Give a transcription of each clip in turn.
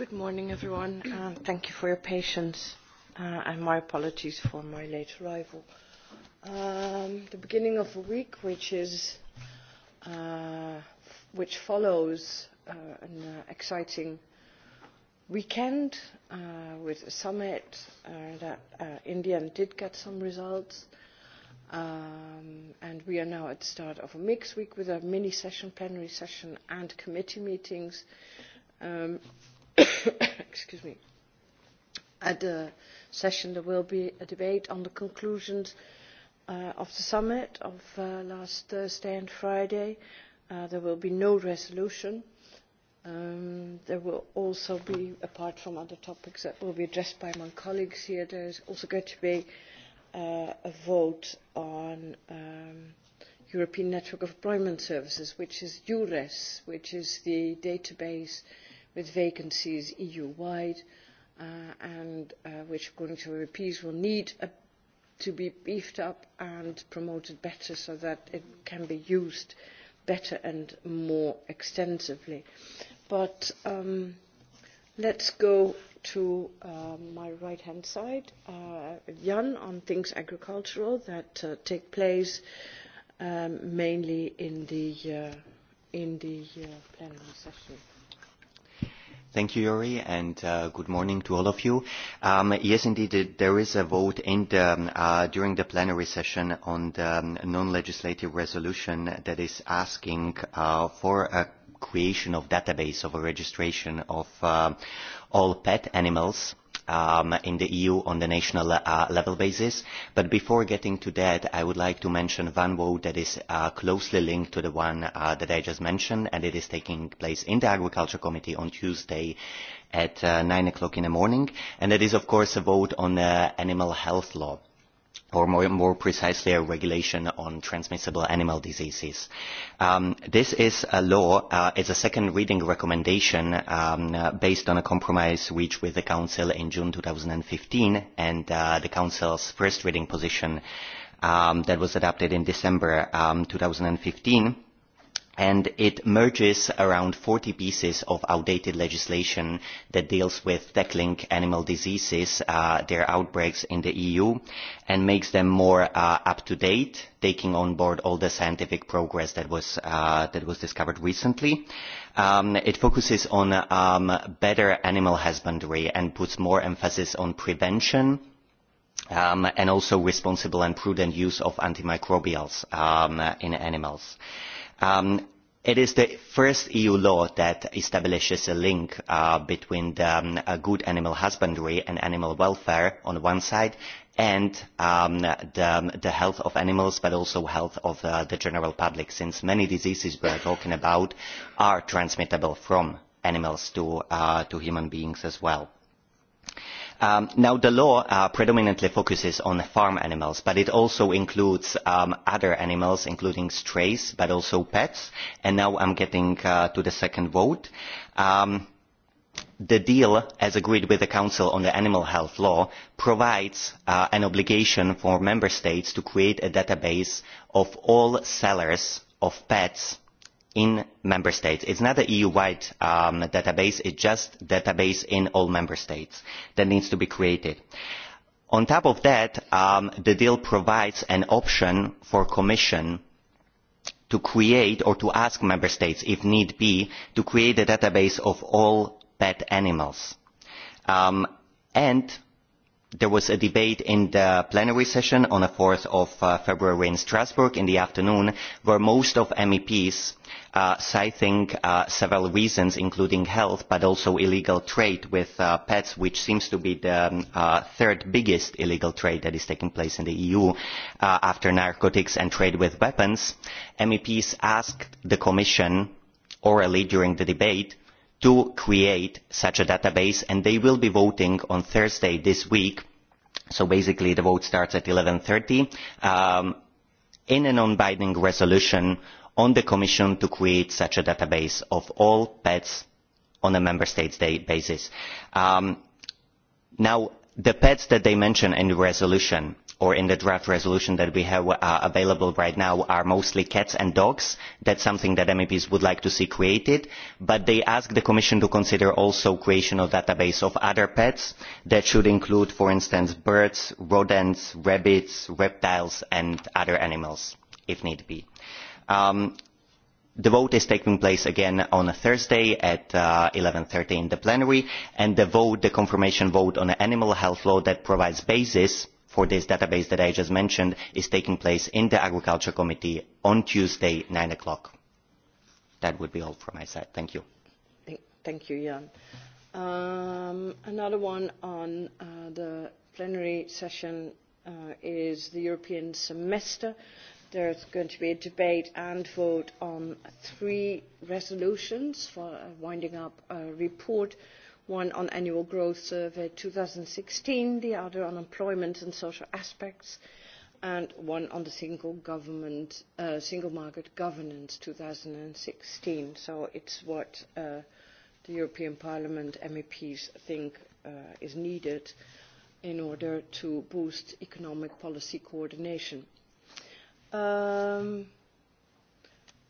Good morning, everyone. Uh, thank you for your patience uh, and my apologies for my late arrival. Um, the beginning of a week, which is uh, which follows uh, an uh, exciting weekend uh, with a summit uh, that uh, in the end did get some results. Um, and we are now at the start of a mixed week with a mini session, plenary session, and committee meetings. Um, Excuse me. At the session, there will be a debate on the conclusions of the summit of last Thursday and Friday. there will be no resolution. there will also be, apart from other topics that will be addressed by my colleagues here, there is also going to be a vote on European Network of Employment Services, which is EURES, which is the database with vacancies EU-wide and which, according to MEPs, will need to be beefed up and promoted better so that it can be used better and more extensively. But um, let's go to uh, my right-hand side, uh, Jan, on things agricultural that uh, take place um, mainly in the, uh, in the uh, plenary session. Thank you, Yuri, and uh, good morning to all of you. Um, yes, indeed, there is a vote in the, uh, during the plenary session on the non-legislative resolution that is asking uh, for a creation of database of a registration of uh, all pet animals um, in the EU on the national uh, level basis. But before getting to that, I would like to mention one vote that is uh, closely linked to the one uh, that I just mentioned, and it is taking place in the Agriculture Committee on Tuesday at uh, 9 o'clock in the morning. And that is, of course, a vote on the animal health law or more, more precisely a regulation on transmissible animal diseases. Um, this is a law, uh, it's a second reading recommendation um, uh, based on a compromise reached with the Council in June 2015 and uh, the Council's first reading position um, that was adopted in December um, 2015 and it merges around forty pieces of outdated legislation that deals with tackling animal diseases, uh, their outbreaks in the EU, and makes them more uh, up to date, taking on board all the scientific progress that was uh, that was discovered recently. Um, it focuses on um, better animal husbandry and puts more emphasis on prevention um, and also responsible and prudent use of antimicrobials um, in animals. Uh, it is the first EU law that establishes a link between good animal husbandry and animal welfare on the one side and the, health of animals, but also the health of the general public, since many diseases we are talking about are transmittable from animals to, human beings as well now the law predominantly focuses on farm animals but it also includes other animals including strays but also pets and now i am getting to the second vote. the deal as agreed with the council on the animal health law provides an obligation for member states to create a database of all sellers of pets in member states. It's not an EU-wide um, database, it's just a database in all member states that needs to be created. On top of that, um, the deal provides an option for Commission to create or to ask member states, if need be, to create a database of all pet animals. Um, and there was a debate in the plenary session on the of February in Strasbourg in the afternoon where most of MEPs citing several reasons including health but also illegal trade with pets which seems to be the third biggest illegal trade that is taking place in the EU after narcotics and trade with weapons. MEPs asked the Commission orally during the debate to create such a database and they will be voting on Thursday this week. So basically the vote starts at 11.30 um, in a non-binding resolution on the Commission to create such a database of all pets on a member states day basis. Um, now, the pets that they mention in the resolution, or in the draft resolution that we have available right now are mostly cats and dogs. That is something that MEPs would like to see created. But they ask the Commission to consider also creation of a database of other pets that should include, for instance, birds, rodents, rabbits, reptiles and other animals, if need be. the vote is taking place again on a Thursday at eleven thirty in the plenary, and the vote, the confirmation vote on the animal health law that provides basis for this database that I just mentioned is taking place in the Agriculture Committee on Tuesday, nine o'clock. That would be all from my side. Thank you. Thank you, Jan. Um, another one on uh, the plenary session uh, is the European semester. There's going to be a debate and vote on three resolutions for winding up a report one on annual growth survey sixteen, the other on employment and social aspects, and one on the single government, uh, single market governance sixteen. So it's what uh, the European Parliament MEPs think uh, is needed in order to boost economic policy coordination. Um,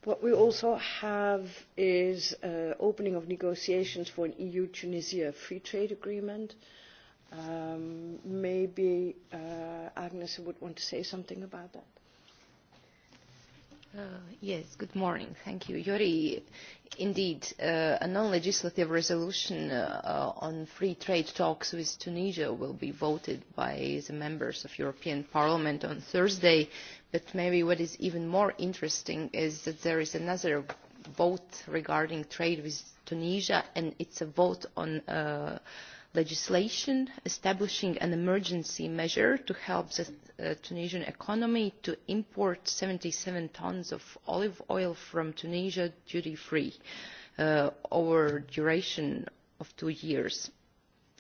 What we also have is uh, opening of negotiations for an EU-Tunisia free trade agreement. Um, maybe uh, Agnes would want to say something about that. Yes, good morning. Thank you. Yuri, indeed, uh, a non-legislative resolution uh, on free trade talks with Tunisia will be voted by the members of European Parliament on Thursday, but maybe what is even more interesting is that there is another vote regarding trade with Tunisia, and it's a vote on uh, legislation establishing an emergency measure to help the Tunisian economy to import seventy seven tonnes of olive oil from Tunisia duty-free over a duration of two years.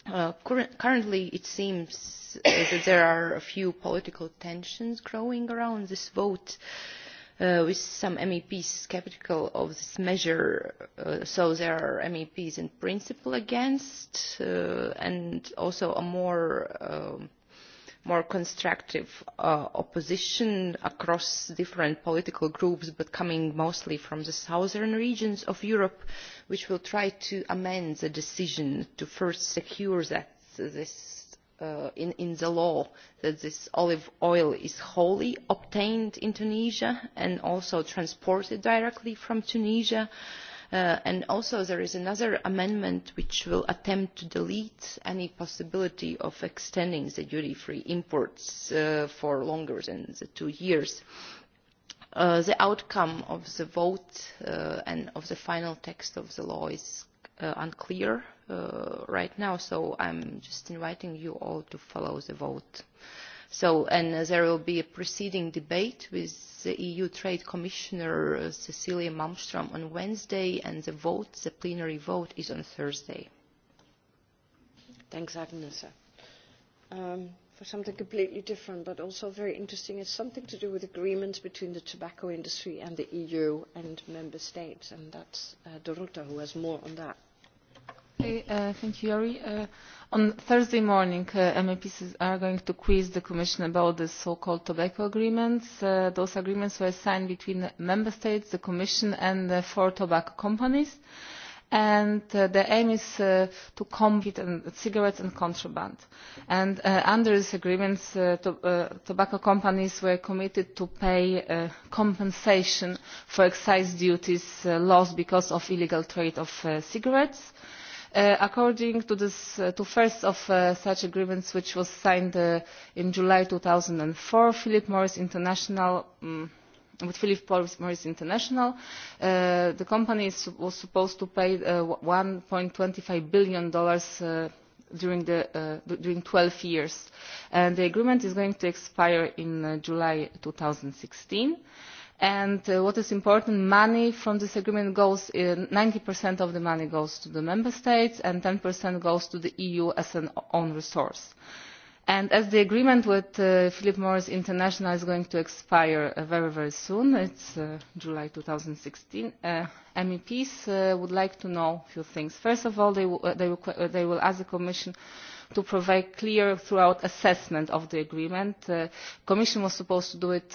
currently, it seems that there are a few political tensions growing around this vote with some meps sceptical of this measure so there are meps in principle against and also a more more constructive opposition across different political groups but coming mostly from the southern regions of europe which will try to amend the decision to first secure that this in, in the law that this olive oil is wholly obtained in Tunisia and also transported directly from Tunisia. Uh, and also there is another amendment which will attempt to delete any possibility of extending the duty-free imports uh, for longer than the two years. Uh, the outcome of the vote uh, and of the final text of the law is uh, unclear uh, right now, so I'm just inviting you all to follow the vote. So, and uh, there will be a preceding debate with the EU Trade Commissioner uh, Cecilia Malmström on Wednesday, and the vote, the plenary vote, is on Thursday. Thanks, Agnes. Um, for something completely different, but also very interesting, it's something to do with agreements between the tobacco industry and the EU and member states, and that's uh, Dorota who has more on that on Thursday morning, MEPs are going to quiz the Commission about the so-called tobacco agreements. those agreements were signed between the Member States, the Commission, and the four tobacco companies. And the aim is to combat cigarettes and contraband. under these agreements, tobacco companies were committed to pay compensation for excise duties lost because of illegal trade of cigarettes according to the first of such agreements which was signed in july two thousand and four philip morris international with Philip Morris International. the company is, was supposed to pay usd one twenty five billion during twelve years. And the agreement is going to expire in thousand and sixteen and what is important money from this agreement goes ninety of the money goes to the member states and ten goes to the eu as an own resource. as the agreement with philip morris international is going to expire very very soon it is july two thousand and sixteen meps would like to know a few things. first of all they will ask the commission to provide clear throughout assessment of the agreement. the commission was supposed to do it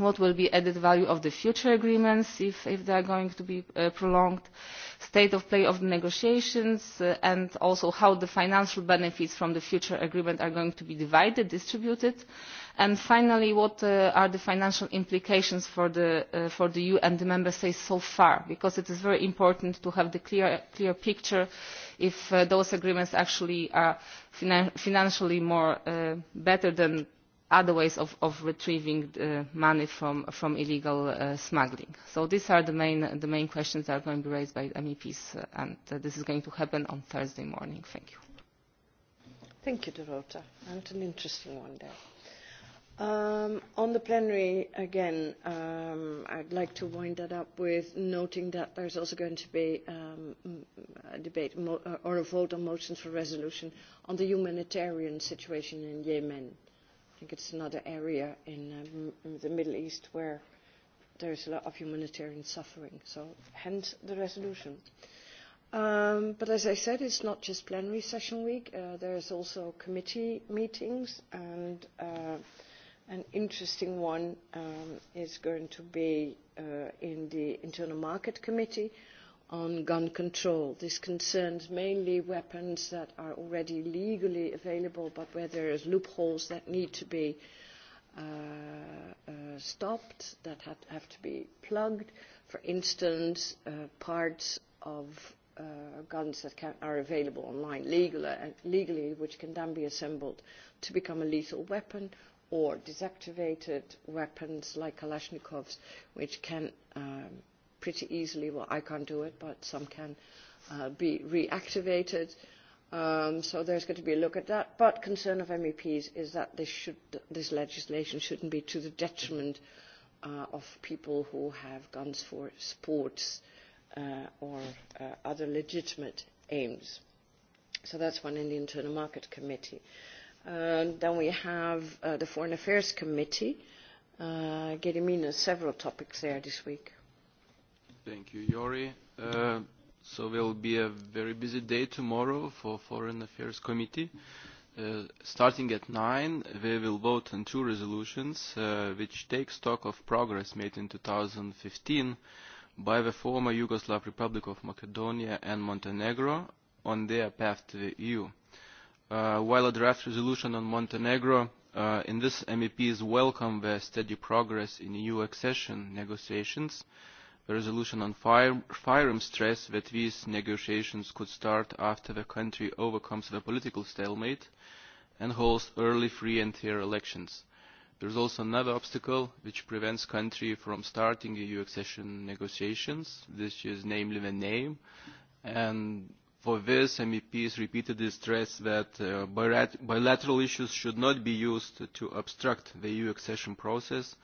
what will be the added value of the future agreements if, they are going to be prolonged prolonged, state of play of the negotiations, and also how the financial benefits from the future agreement are going to be divided, distributed, and finally, what are the financial implications for the, EU and the member states so far, because it is very important to have the clear, picture if those agreements actually are finan financially better than other ways of, of retrieving uh, money from, from illegal uh, smuggling. So these are the main, the main questions that are going to be raised by MEPs, uh, and uh, this is going to happen on Thursday morning. Thank you. Thank you, Dorota, and an interesting one there. Um, on the plenary, again, um, I'd like to wind that up with noting that there's also going to be um, a debate or a vote on motions for resolution on the humanitarian situation in Yemen think it's another area in um, the Middle East where there's a lot of humanitarian suffering. So hence the resolution. Um, but as I said, it's not just plenary session week. Uh, there's also committee meetings, and uh, an interesting one um, is going to be uh, in the Internal Market Committee, on gun control. This concerns mainly weapons that are already legally available, but where there is loopholes that need to be uh, uh, stopped, that have, have to be plugged. For instance, uh, parts of uh, guns that can, are available online legally, legally, which can then be assembled to become a lethal weapon, or desactivated weapons like Kalashnikovs, which can um, pretty easily. Well, I can't do it, but some can uh, be reactivated. Um, so there's going to be a look at that. But concern of MEPs is that this, should, this legislation shouldn't be to the detriment uh, of people who have guns for sports uh, or uh, other legitimate aims. So that's one in the Internal Market Committee. Um, then we have uh, the Foreign Affairs Committee. Uh, Gedimina, several topics there this week. Thank you, Yori. Uh, so will be a very busy day tomorrow for Foreign Affairs Committee. Uh, starting at 9, we will vote on two resolutions uh, which take stock of progress made in 2015 by the former Yugoslav Republic of Macedonia and Montenegro on their path to the EU. Uh, while a draft resolution on Montenegro uh, in this MEPs welcome the steady progress in EU accession negotiations, uh, The resolution on fire, firearms stress that these negotiations could start after the country overcomes the political stalemate and holds early free and fair elections. There is also another obstacle which prevents country from starting EU accession negotiations. This is namely the name. And for this, MEPs repeatedly stress that bilateral issues should not be used to obstruct the EU accession process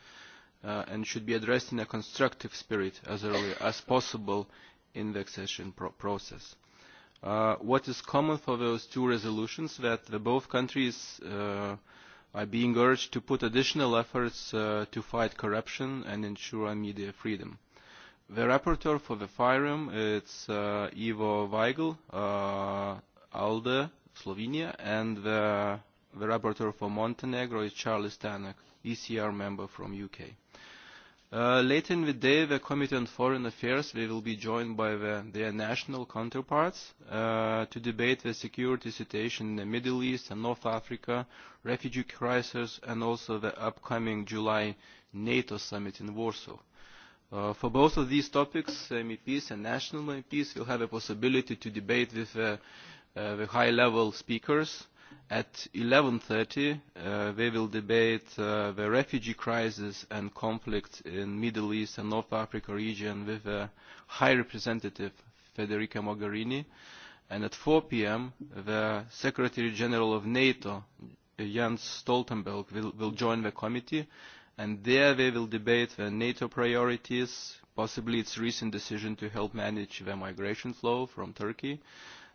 uh, and should be addressed in a constructive spirit as early as possible in the accession pro process. Uh, what is common for those two resolutions that the both countries uh, are being urged to put additional efforts uh, to fight corruption and ensure media freedom. The rapporteur for the FIREM is uh, Ivo Weigl, uh, ALDE, Slovenia, and the, the rapporteur for Montenegro is Charlie Stanek, ECR member from UK. Uh, later in the day, the Committee on Foreign Affairs they will be joined by the, their national counterparts uh, to debate the security situation in the Middle East and North Africa, refugee crisis, and also the upcoming July NATO summit in Warsaw. Uh, for both of these topics, MEPs and national MEPs will have a possibility to debate with uh, uh, the high-level speakers At eleven thirty uh, we will debate uh, the refugee crisis and conflict in Middle East and North Africa region with uh, High Representative Federica Mogherini. And at four p.m., the Secretary General of NATO, Jens Stoltenberg, will, will join the committee. And there they will debate the NATO priorities, possibly its recent decision to help manage the migration flow from Turkey,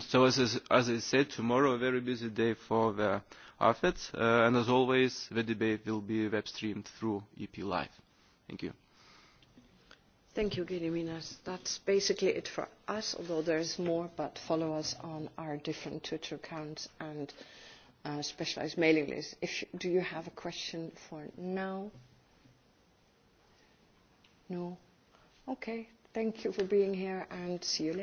so as, is, as I said, tomorrow a very busy day for the AFET, uh, and as always, the debate will be web streamed through EP Live. Thank you. Thank you, Gediminas. That's basically it for us, although there's more, but follow us on our different Twitter accounts and uh, specialized mailing lists. If you, do you have a question for now? No? Okay. Thank you for being here and see you later.